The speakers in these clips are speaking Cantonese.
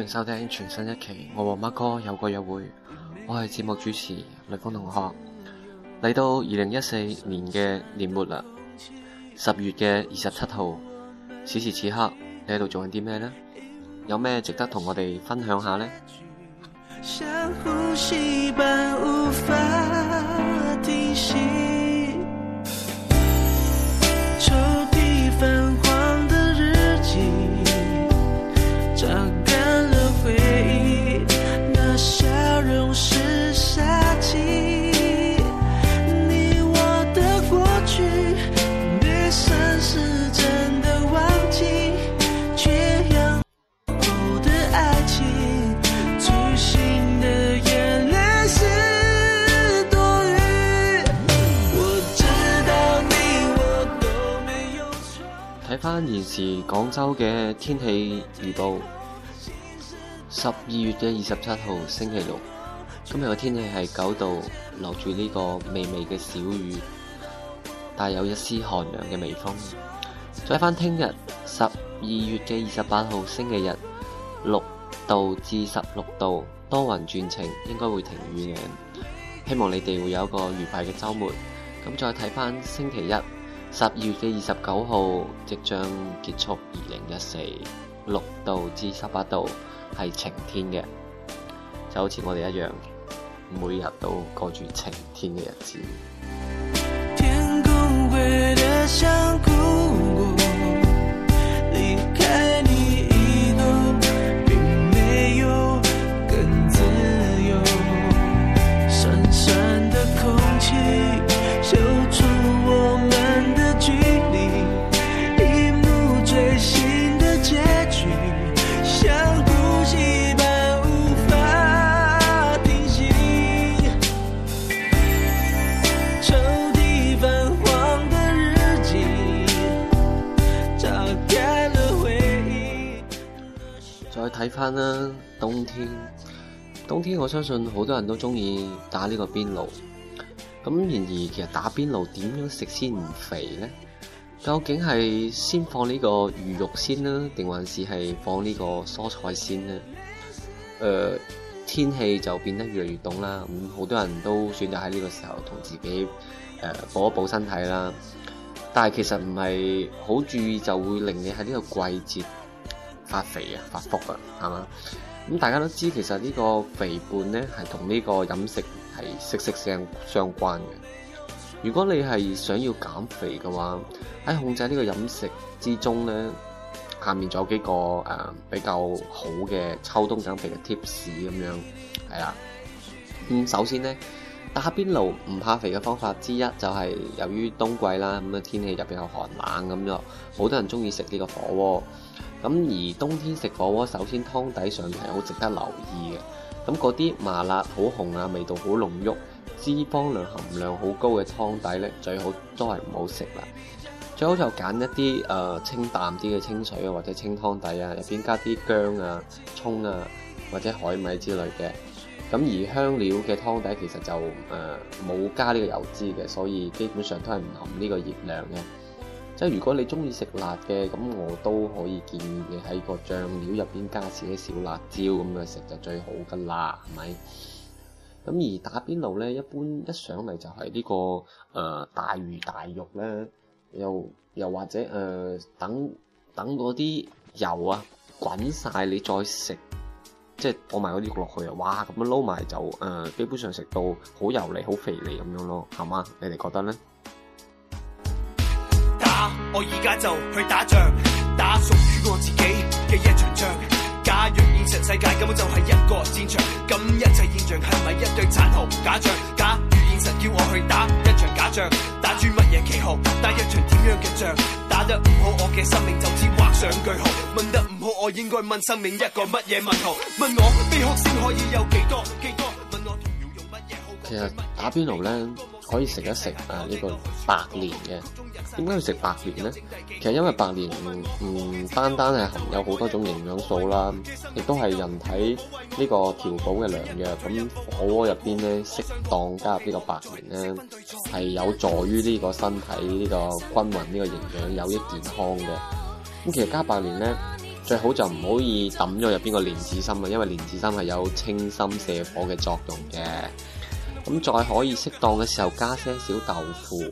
歡迎收聽全新一期《我和孖哥有個約會》，我係節目主持雷鋒同學。嚟到二零一四年嘅年末啦，十月嘅二十七號，此時此刻你喺度做緊啲咩呢？有咩值得同我哋分享下呢？現時廣州嘅天氣預報：十二月嘅二十七號星期六，今日嘅天氣係九度，留住呢個微微嘅小雨，帶有一絲寒涼嘅微風。再翻聽日十二月嘅二十八號星期日，六度至十六度，多雲轉晴，應該會停雨嘅。希望你哋會有一個愉快嘅週末。咁再睇翻星期一。十二月嘅二十九號即將結束，二零一四六度至十八度係晴天嘅，就好似我哋一樣，每日都過住晴天嘅日子。天空啦，冬天冬天我相信好多人都中意打呢個邊爐。咁然而其實打邊爐點樣食先唔肥呢？究竟係先放呢個魚肉先呢？定還是係放呢個蔬菜先呢？誒、呃，天氣就變得越嚟越凍啦。咁好多人都選擇喺呢個時候同自己誒補、呃、一補身體啦。但係其實唔係好注意，就會令你喺呢個季節。發肥啊，發福啊，係嘛？咁、嗯、大家都知，其實呢個肥胖呢係同呢個飲食係息息相相關嘅。如果你係想要減肥嘅話，喺控制呢個飲食之中呢，下面仲有幾個誒、呃、比較好嘅秋冬減肥嘅貼士咁樣，係啦。嗯，首先呢，打邊爐唔怕肥嘅方法之一就係、是、由於冬季啦，咁、嗯、嘅天氣入邊又比較寒冷咁樣，好多人鍾意食呢個火鍋。咁而冬天食火鍋，首先湯底上面係好值得留意嘅。咁嗰啲麻辣好紅啊，味道好濃郁，脂肪量含量好高嘅湯底咧，最好都係唔好食啦。最好就揀一啲誒、呃、清淡啲嘅清水啊，或者清湯底啊，入邊加啲薑啊、葱啊或者海米之類嘅。咁而香料嘅湯底其實就誒呃、冇加呢個油脂嘅，所以基本上都係唔含呢個熱量嘅。即係如果你中意食辣嘅，咁我都可以建議你喺個醬料入邊加少少辣椒咁樣食就最好噶啦，係咪？咁而打邊爐咧，一般一上嚟就係呢個誒大魚大肉咧，又又或者誒等等嗰啲油啊滾晒你再食，即係我埋嗰啲落去啊！哇，咁樣撈埋就誒，基本上食到好油膩、好肥膩咁樣咯，係嘛？你哋覺得咧？我而家就去打仗，打屬於我自己嘅一場仗。假如現實世界根本就係一個戰場，咁一切現象係咪一對殘酷假象？假如現實叫我去打一場假仗，打住乜嘢旗號，打一場點樣嘅仗？打得唔好，我嘅生命就此畫上句號。問得唔好，我應該問生命一個乜嘢問號？問我悲哭聲可以有幾多？幾多？問我同樣用乜嘢好？其實打邊爐咧，可以食一食誒呢個百年嘅。點解要食白蓮咧？其實因為白蓮唔唔單單係含有好多種營養素啦，亦都係人體呢個調補嘅良藥。咁火鍋入邊咧，適當加入呢個白蓮咧，係有助於呢個身體呢個均勻呢個營養，有益健康嘅。咁其實加白蓮咧，最好就唔可以抌咗入邊個蓮子心啦，因為蓮子心係有清心瀉火嘅作用嘅。咁再可以適當嘅時候加些少豆腐。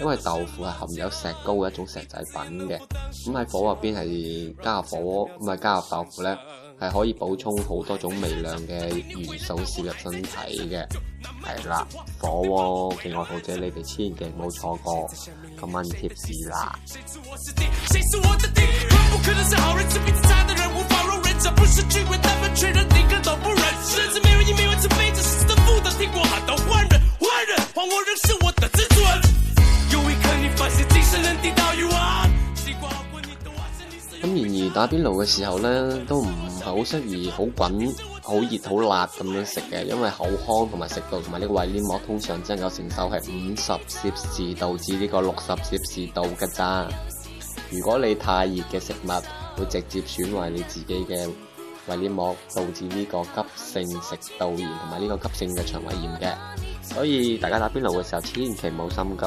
因為豆腐係含有石膏嘅一種石製品嘅，咁喺火鍋入邊係加入火鍋，唔係加入豆腐咧，係可以補充好多種微量嘅元素攝入身體嘅，係啦，火鍋嘅愛好者，你哋千祈唔好錯過今晚嘅貼士啦。誰是我的咁然而打邊爐嘅時候呢，都唔係好適宜好滾、好熱、好辣咁樣食嘅，因為口腔同埋食道同埋呢個胃黏膜通常只能夠承受係五十攝氏度至呢個六十攝氏度嘅咋。如果你太熱嘅食物會直接損壞你自己嘅胃黏膜，導致呢個急性食道炎同埋呢個急性嘅腸胃炎嘅。所以大家打邊爐嘅時候，千祈冇心急。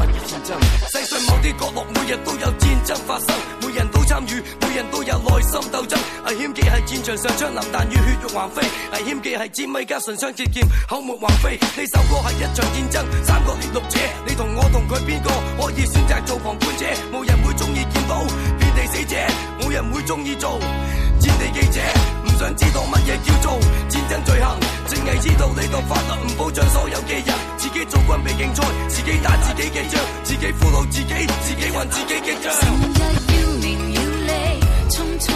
世界某啲角落，每日都有戰爭發生，每人都參與，每人都有內心鬥爭。危險嘅係戰場上槍林彈雨，血肉橫飛。危險嘅係尖銳加唇槍舌劍，口沫橫飛。呢首歌係一場戰爭，三個錄者，你同我同佢邊個可以選擇做旁觀者？冇人會鍾意見到，遍地死者，冇人會鍾意做戰地記者。想知道乜嘢叫做戰爭罪行？淨係知道你度法律唔保障所有嘅人，自己做軍備競賽，自己打自己嘅仗，自己俘虜自己，自己還自己嘅帳。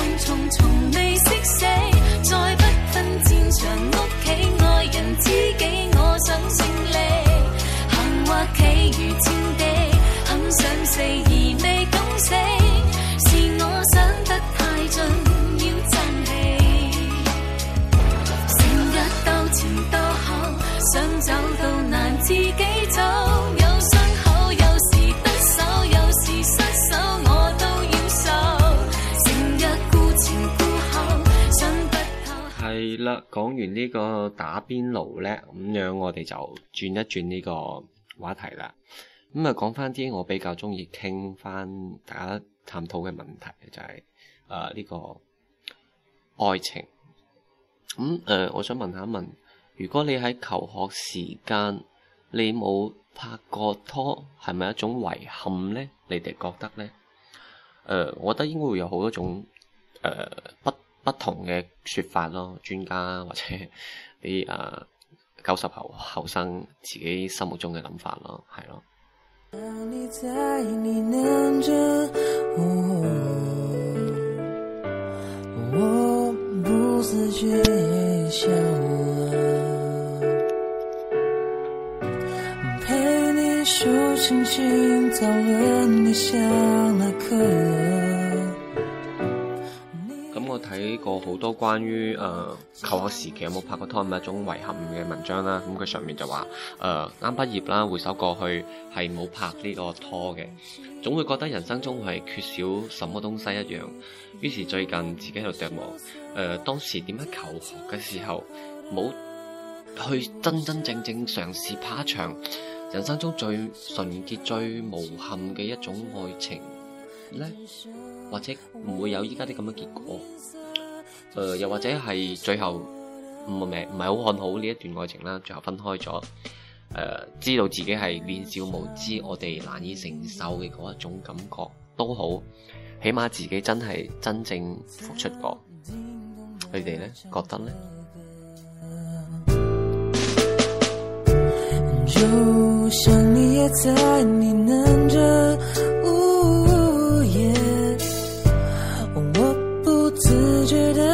講完呢個打邊爐咧，咁樣我哋就轉一轉呢個話題啦。咁啊，講翻啲我比較中意傾翻大家探討嘅問題，就係誒呢個愛情。咁、嗯、誒、呃，我想問下問，如果你喺求學時間你冇拍過拖，係咪一種遺憾咧？你哋覺得咧？誒、呃，我覺得應該會有好多種誒不。呃不同嘅説法咯，專家或者啲誒九十後後生自己心目中嘅諗法咯，係咯。 過好多關於誒、呃、求學時期有冇拍過拖，唔係一種遺憾嘅文章啦。咁、嗯、佢上面就話誒、啱、呃、畢業啦，回首過去係冇拍呢個拖嘅，總會覺得人生中係缺少什麼東西一樣。於是最近自己喺度琢磨，誒、呃，當時點解求學嘅時候冇去真真正正嘗試拍一場人生中最純潔最無憾嘅一種愛情咧，或者唔會有依家啲咁嘅結果。誒、呃，又或者係最後唔係唔係好看好呢一段愛情啦，最後分開咗。誒、呃，知道自己係年少無知，我哋難以承受嘅嗰一種感覺都好，起碼自己真係真正付出過。你哋呢覺得呢？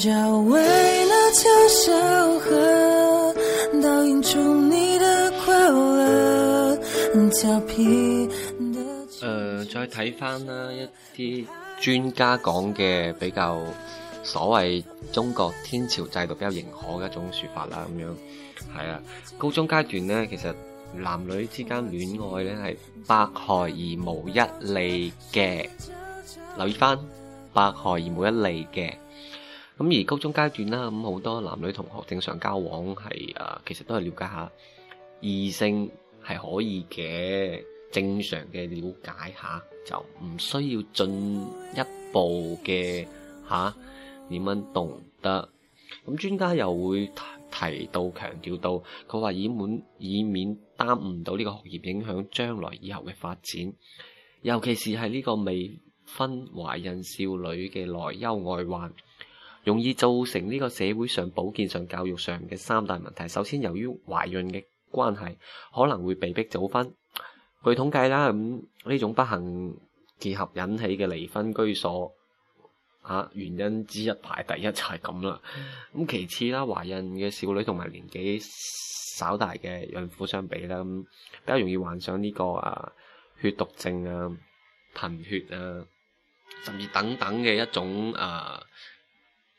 誒、呃，再睇翻啦，一啲專家講嘅比較所謂中國天朝制度比較認可嘅一種説法啦，咁樣係啊。高中階段咧，其實男女之間戀愛咧係百害而無一利嘅。留意翻，百害而無一利嘅。咁而高中階段啦，咁好多男女同學正常交往係啊，其實都係了解下異性係可以嘅，正常嘅了解下就唔需要進一步嘅吓點樣懂得。咁專家又會提到強調到，佢話以滿以免耽誤到呢個學業影響將來以後嘅發展，尤其是係呢個未婚懷孕少女嘅內憂外患。容易造成呢個社會上、保健上、教育上嘅三大問題。首先，由於懷孕嘅關係，可能會被迫早婚。據統計啦，咁、嗯、呢種不幸結合引起嘅離婚居所嚇、啊、原因之一排第一就係咁啦。咁、嗯、其次啦，懷孕嘅少女同埋年紀稍大嘅孕婦相比啦，咁、嗯、比較容易患上呢個啊血毒症啊、貧血啊，甚至等等嘅一種啊。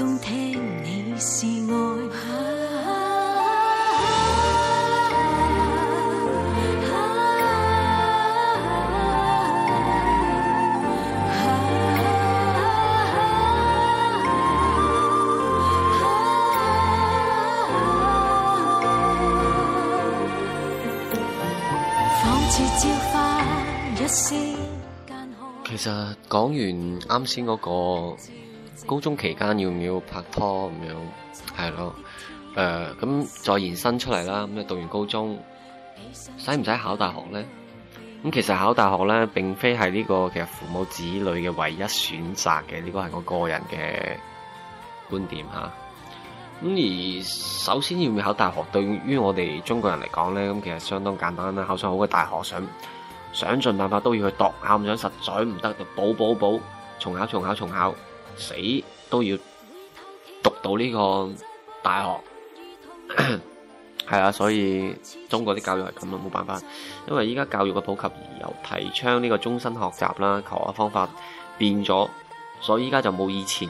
你仿似朝花一絲。其實講完啱先嗰個。高中期間要唔要拍拖咁樣，係、嗯、咯？誒、呃、咁再延伸出嚟啦。咁讀完高中，使唔使考大學咧？咁其實考大學咧並非係呢、這個其實父母子女嘅唯一選擇嘅，呢個係我個人嘅觀點吓，咁而首先要唔要考大學，對於我哋中國人嚟講咧，咁其實相當簡單啦。考上好嘅大學，想想盡辦法都要去讀，考唔上，實在唔得就補補補，重考重考重考。重考死都要讀到呢個大學，係 啊，所以中國啲教育係咁咯，冇辦法，因為依家教育嘅普及而又提倡呢個終身學習啦，求學方法變咗，所以依家就冇以前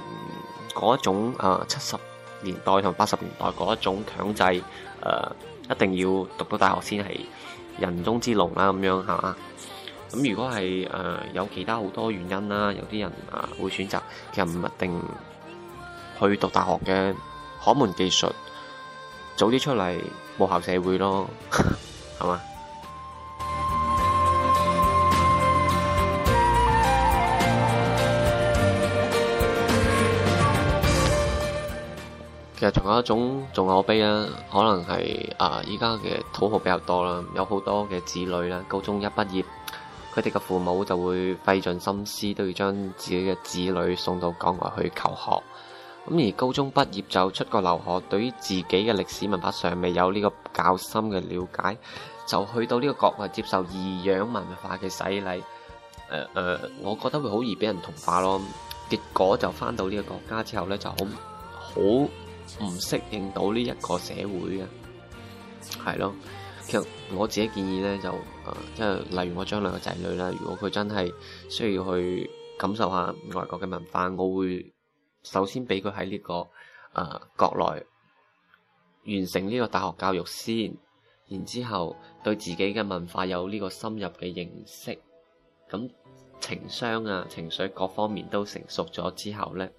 嗰一種誒、七十年代同八十年代嗰一種強制誒、呃，一定要讀到大學先係人中之龍啦，咁樣係咪？咁如果係誒、呃、有其他好多原因啦，有啲人啊、呃、會選擇其實唔一定去讀大學嘅，學門技術早啲出嚟，報效社會咯，係 嘛嗎？ 其實仲有一種仲可悲啦，可能係啊依家嘅土豪比較多啦，有好多嘅子女啦，高中一畢業。佢哋嘅父母就會費盡心思都要將自己嘅子女送到國外去求學，咁而高中畢業就出國留學，對於自己嘅歷史文化尚未有呢個較深嘅了解，就去到呢個國外接受異樣文化嘅洗禮。誒、呃、誒、呃，我覺得會好易俾人同化咯。結果就返到呢個國家之後咧，就好好唔適應到呢一個社會嘅，係咯。其實我自己建議咧，就誒，即、呃、係例如我將兩個仔女啦，如果佢真係需要去感受下外國嘅文化，我會首先俾佢喺呢個誒、呃、國內完成呢個大學教育先，然之後對自己嘅文化有呢個深入嘅認識，咁情商啊、情緒各方面都成熟咗之後咧，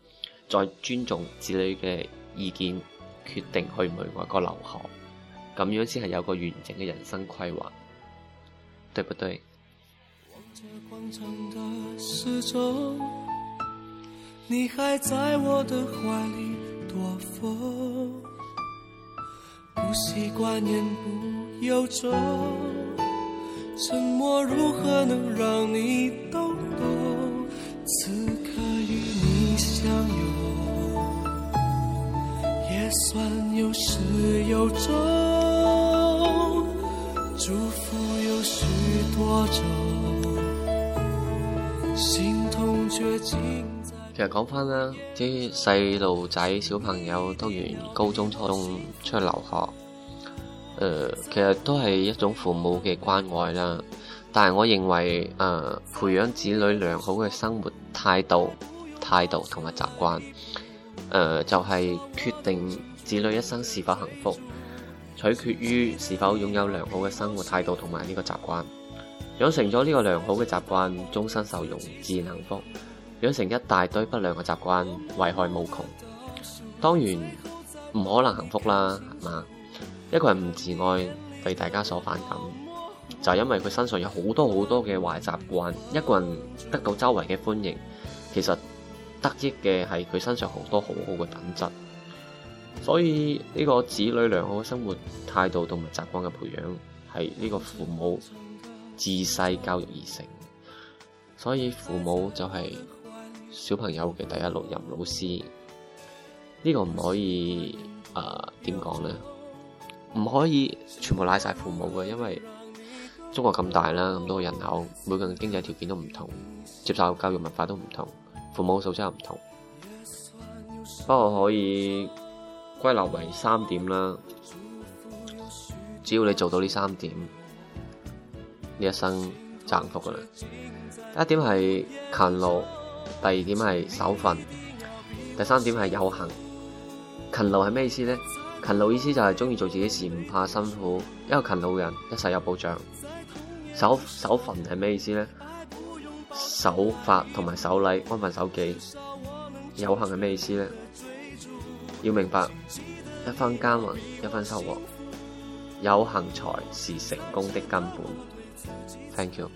再尊重子女嘅意見，決定去唔去外國留學。咁樣先係有個完整嘅人生規劃，對不對？ 算有始有終，祝福有許多種心痛。其實講翻啦，啲細路仔、小朋友讀完高中、初中出去留學，誒、呃，其實都係一種父母嘅關愛啦。但係我認為，誒、呃，培養子女良好嘅生活態度、態度同埋習慣。呃誒、呃、就係、是、決定子女一生是否幸福，取決於是否擁有良好嘅生活態度同埋呢個習慣。養成咗呢個良好嘅習慣，終身受用，自然幸福。養成一大堆不良嘅習慣，危害無窮，當然唔可能幸福啦，係嘛？一個人唔自愛，被大家所反感，就係、因為佢身上有好多好多嘅壞習慣。一個人得到周圍嘅歡迎，其實，得益嘅係佢身上很多很好多好好嘅品質，所以呢個子女良好嘅生活態度同埋習慣嘅培養係呢個父母自細教育而成，所以父母就係小朋友嘅第一路任老師。呢、這個唔可以誒點講咧？唔、呃、唔可以全部賴晒父母嘅，因為中國咁大啦，咁多人口，每個人經濟條件都唔同，接受教育文化都唔同。父母素質又唔同，不過可以歸納為三點啦。只要你做到呢三點，你一生就幸福噶啦。第一點係勤勞，第二點係守份，第三點係有恆。勤勞係咩意思呢？勤勞意思就係中意做自己事，唔怕辛苦。因為勤勞人，一世有保障。守守份係咩意思呢？守法同埋守禮，安分守己。有恒係咩意思呢？要明白一分耕耘一分收穫，有恒才是成功的根本。Thank you。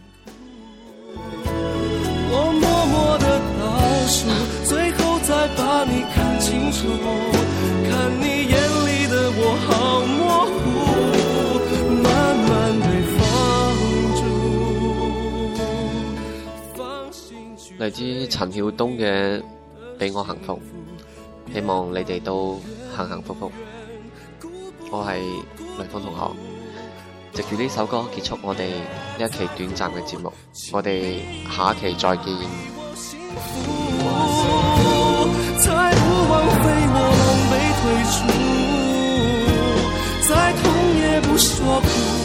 我默默的倒數，最後再把你看清楚，看你眼裏的我好模糊。嚟自陳曉東嘅《俾我幸福》，希望你哋都幸幸福福。我係文峰同學，藉住呢首歌結束我哋一期短暫嘅節目，我哋下期再見。